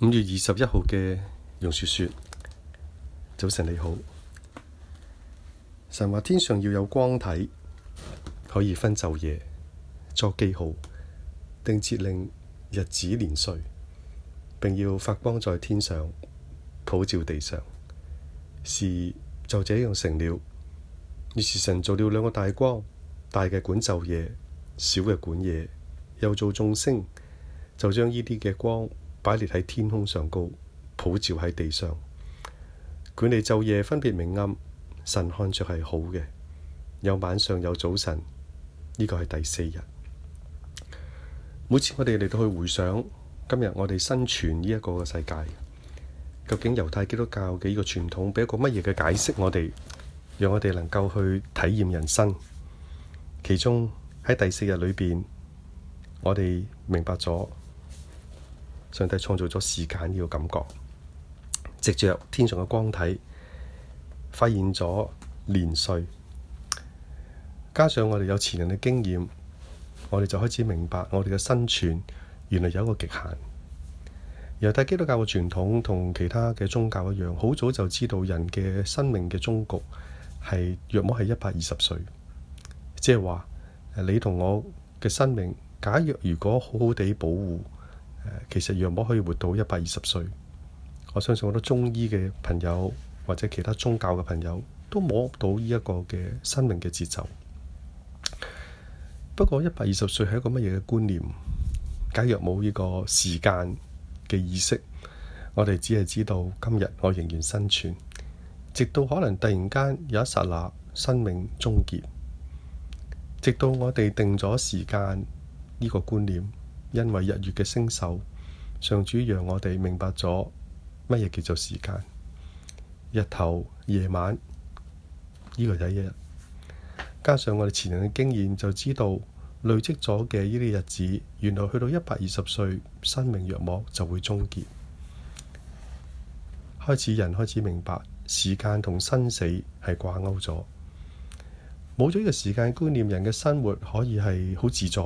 五月二十一號嘅楊雪雪，早晨你好。神說天上要有光體，可以分晝夜作記號，定節令、日子、年歲，並要發光在天上，普照地上。事就這樣成了。於是神做了兩個大光，大嘅管晝夜，小嘅管夜。又做眾星，就將呢啲嘅光。擺列喺天空上高，普照喺地上。佢哋晝夜分別明暗，神看著係好嘅，有晚上有早晨。呢個係第四日。每次我哋嚟到去回想今日我哋生存呢一個世界，究竟猶太基督教嘅呢個傳統俾一個乜嘢嘅解釋？我哋讓我哋能夠去體驗人生。其中喺第四日裏邊，我哋明白咗。上帝創造咗時間呢個感覺，藉著天上嘅光體，發現咗年歲。加上我哋有前人嘅經驗，我哋就開始明白我哋嘅生存原來有一個極限。猶太基督教嘅傳統同其他嘅宗教一樣，好早就知道人嘅生命嘅終局係約莫係一百二十歲。即係話，你同我嘅生命，假若如，如果好好地保護。其實楊伯可以活到一百二十歲，我相信好多中醫嘅朋友或者其他宗教嘅朋友都摸到呢一個嘅生命嘅節奏。不過一百二十歲係一個乜嘢嘅觀念？假若冇呢個時間嘅意識，我哋只係知道今日我仍然生存，直到可能突然間有一剎那生命終結，直到我哋定咗時間呢，這個觀念。因為日月嘅星宿，上主讓我哋明白咗乜嘢叫做時間，日頭夜晚，呢個就係一日。加上我哋前人嘅經驗，就知道累積咗嘅呢啲日子，原來去到一百二十歲，生命約莫就會終結。開始人開始明白時間同生死係掛鈎咗，冇咗呢個時間觀念，人嘅生活可以係好自在。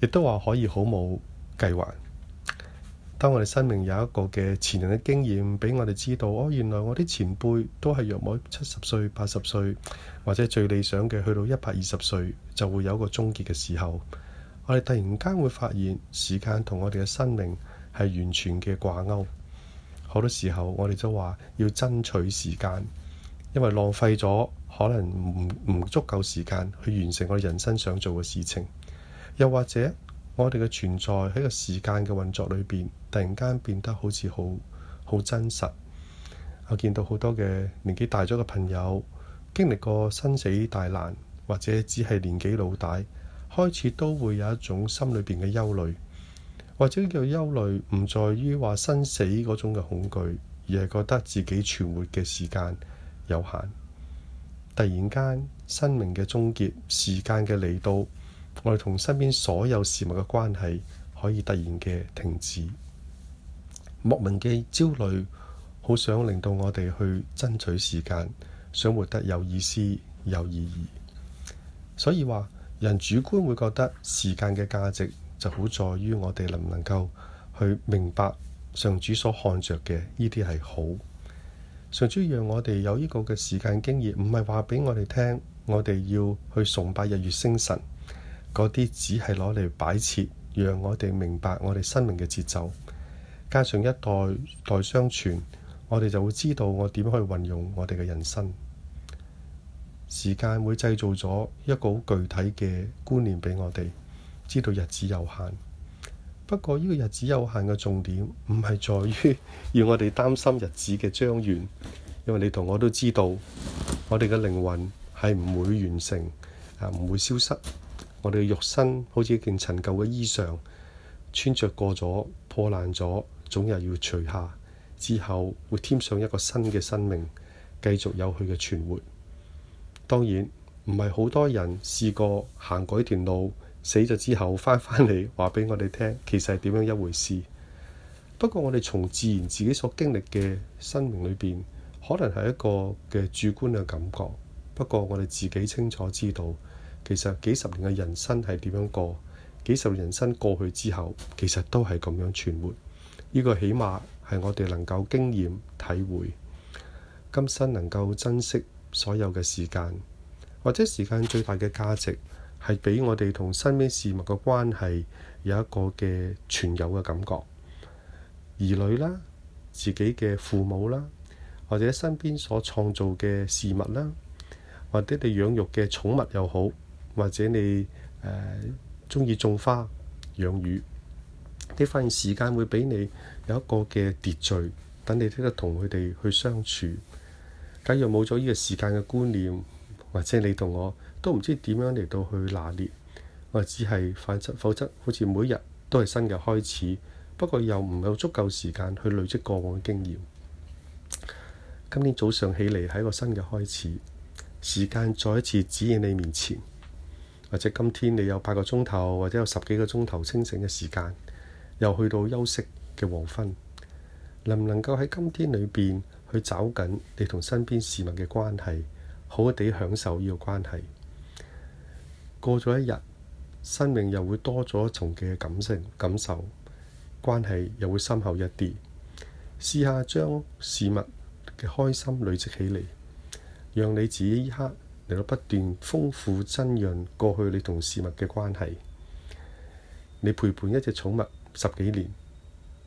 亦都話可以好冇計劃，當我哋生命有一個嘅前人嘅經驗，俾我哋知道哦，原來我啲前輩都係若某七十歲、八十歲，或者最理想嘅去到一百二十歲，就會有一個終結嘅時候。我哋突然間會發現時間同我哋嘅生命係完全嘅掛鈎。好多時候我哋就話要爭取時間，因為浪費咗可能唔唔足夠時間去完成我哋人生想做嘅事情。又或者，我哋嘅存在喺個時間嘅運作裏邊，突然間變得好似好好真實。我見到好多嘅年紀大咗嘅朋友，經歷過生死大難，或者只係年紀老大，開始都會有一種心裏邊嘅憂慮，或者叫憂慮唔在於話生死嗰種嘅恐懼，而係覺得自己存活嘅時間有限。突然間，生命嘅終結，時間嘅嚟到。我哋同身邊所有事物嘅關係可以突然嘅停止，莫名嘅焦慮，好想令到我哋去爭取時間，想活得有意思、有意義。所以話人主觀會覺得時間嘅價值就好在於我哋能唔能夠去明白上主所看著嘅呢啲係好。上主讓我哋有呢個嘅時間經驗，唔係話俾我哋聽，我哋要去崇拜日月星辰。嗰啲只係攞嚟擺設，讓我哋明白我哋生命嘅節奏。加上一代一代相傳，我哋就會知道我點樣去運用我哋嘅人生。時間會製造咗一個好具體嘅觀念俾我哋，知道日子有限。不過呢個日子有限嘅重點唔係在於要我哋擔心日子嘅將完，因為你同我都知道，我哋嘅靈魂係唔會完成啊，唔會消失。我哋肉身好似一件陳舊嘅衣裳，穿着過咗，破爛咗，總又要除下，之後會添上一個新嘅生命，繼續有佢嘅存活。當然唔係好多人試過行過呢段路，死咗之後翻返嚟話俾我哋聽，其實係點樣一回事。不過我哋從自然自己所經歷嘅生命裏邊，可能係一個嘅主觀嘅感覺。不過我哋自己清楚知道。其實幾十年嘅人生係點樣過？幾十年人生過去之後，其實都係咁樣存活。呢個起碼係我哋能夠經驗體會，今生能夠珍惜所有嘅時間，或者時間最大嘅價值係俾我哋同身邊事物嘅關係有一個嘅存有嘅感覺。兒女啦，自己嘅父母啦，或者身邊所創造嘅事物啦，或者你養育嘅寵物又好。或者你誒中意種花養魚，你發現時間會俾你有一個嘅秩序，等你識得同佢哋去相處。假如冇咗呢個時間嘅觀念，或者你同我都唔知點樣嚟到去拿捏，或只係反則，否則好似每日都係新嘅開始。不過又唔夠足夠時間去累積過往嘅經驗。今天早上起嚟係一個新嘅開始，時間再一次指引你面前。或者今天你有八個鐘頭，或者有十幾個鐘頭清醒嘅時間，又去到休息嘅黃昏，能唔能夠喺今天裏邊去找緊你同身邊事物嘅關係，好好地享受呢個關係？過咗一日，生命又會多咗一重嘅感性感受，關係又會深厚一啲。試下將事物嘅開心累積起嚟，讓你自己依刻。嚟到不斷豐富增潤過去你同事物嘅關係，你陪伴一隻寵物十幾年，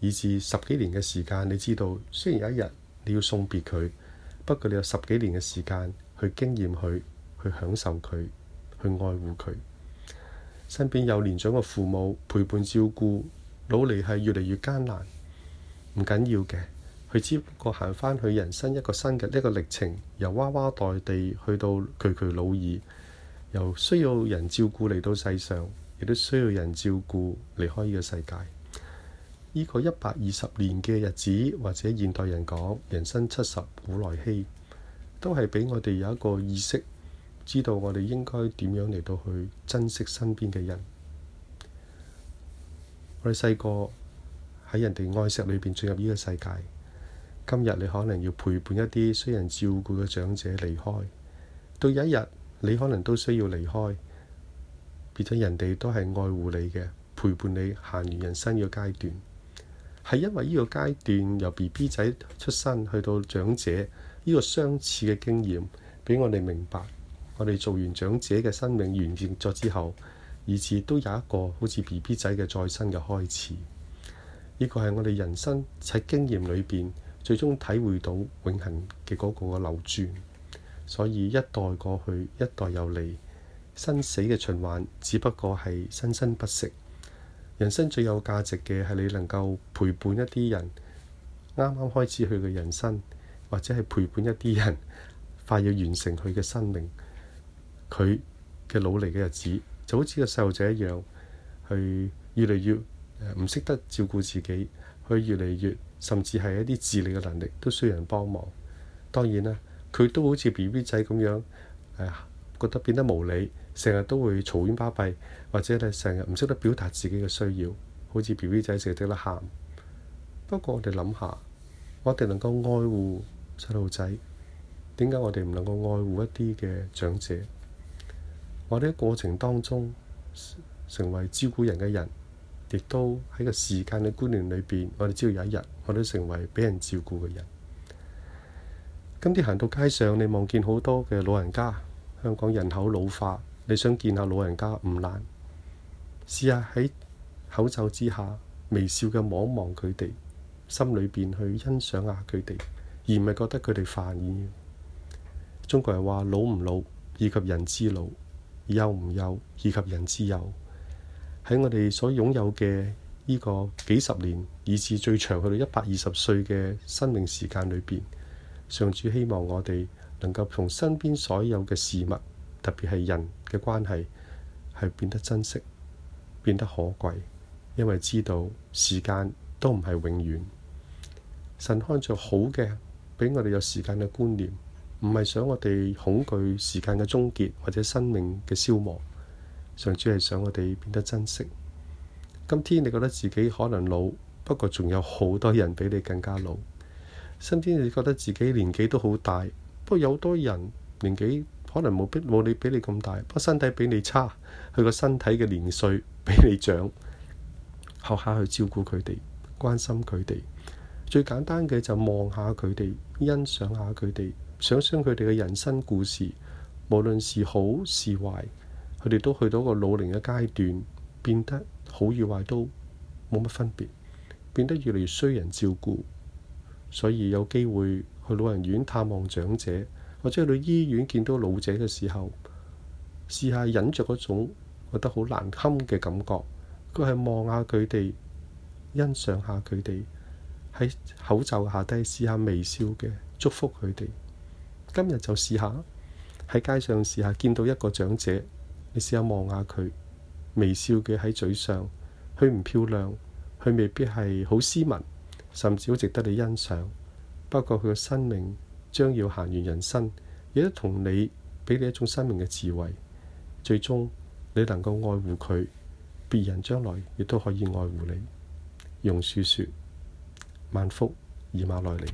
以至十幾年嘅時間，你知道雖然有一日你要送別佢，不過你有十幾年嘅時間去經驗佢、去享受佢、去愛護佢。身邊有年長嘅父母陪伴照顧，努力係越嚟越艱難，唔緊要嘅。佢只不過行返去人生一個新嘅一個歷程，由娃娃代地去到佢佢老矣，由需要人照顧嚟到世上，亦都需要人照顧離開呢個世界。呢個一百二十年嘅日子，或者現代人講人生七十古來稀，都係俾我哋有一個意識，知道我哋應該點樣嚟到去珍惜身邊嘅人。我哋細個喺人哋愛錫裏邊進入呢個世界。今日你可能要陪伴一啲需要人照顧嘅長者離開，到有一日你可能都需要離開。變咗人哋都係愛護你嘅，陪伴你行完人生嘅階段。係因為呢個階段，由 B B 仔出生去到長者呢個相似嘅經驗俾我哋明白，我哋做完長者嘅生命完結咗之後，以至都有一個好似 B B 仔嘅再生嘅開始。呢個係我哋人生喺經驗裏邊。最終體會到永恆嘅嗰個流轉，所以一代過去，一代又嚟，生死嘅循環只不過係生生不息。人生最有價值嘅係你能夠陪伴一啲人啱啱開始佢嘅人生，或者係陪伴一啲人快要完成佢嘅生命，佢嘅老嚟嘅日子就好似個細路仔一樣，佢越嚟越唔識得照顧自己，佢越嚟越。甚至係一啲自理嘅能力都需要人幫忙。當然啦，佢都好似 B B 仔咁樣，誒、哎，覺得變得無理，成日都會嘈冤巴閉，或者係成日唔識得表達自己嘅需要，好似 B B 仔成日得啦喊。不過我哋諗下，我哋能夠愛護細路仔，點解我哋唔能夠愛護一啲嘅長者？或者過程當中成為照顧人嘅人？亦都喺個時間嘅觀念裏邊，我哋只要有一日我都成為俾人照顧嘅人。今日行到街上，你望見好多嘅老人家，香港人口老化，你想見下老人家唔難。試下喺口罩之下微笑嘅望望佢哋，心裏邊去欣賞下佢哋，而唔係覺得佢哋煩意。中國人話老唔老以及人之老，幼唔幼以及人之幼。喺我哋所擁有嘅呢個幾十年，以至最長去到一百二十歲嘅生命時間裏邊，上主希望我哋能夠從身邊所有嘅事物，特別係人嘅關係，係變得珍惜，變得可貴，因為知道時間都唔係永遠。神看著好嘅，俾我哋有時間嘅觀念，唔係想我哋恐懼時間嘅終結或者生命嘅消亡。上主係想我哋變得珍惜。今天你覺得自己可能老，不過仲有好多人比你更加老。今天你覺得自己年紀都好大，不過有多人年紀可能冇必冇你比你咁大，不過身體比你差，佢個身體嘅年歲比你長。學下去照顧佢哋，關心佢哋。最簡單嘅就望下佢哋，欣賞下佢哋，想想佢哋嘅人生故事，無論係好係壞。佢哋都去到個老齡嘅階段，變得好與壞都冇乜分別，變得越嚟越需要人照顧。所以有機會去老人院探望長者，或者去到醫院見到老者嘅時候，試下忍着嗰種覺得好難堪嘅感覺。佢係望下佢哋，欣賞下佢哋，喺口罩下低試下微笑嘅祝福佢哋。今日就試下喺街上試下見到一個長者。你試下望下佢微笑嘅，喺嘴上，佢唔漂亮，佢未必係好斯文，甚至好值得你欣賞。不過佢嘅生命將要行完人生，亦都同你俾你一種生命嘅智慧。最終你能夠愛護佢，別人將來亦都可以愛護你。用樹說：萬福以馬內利。」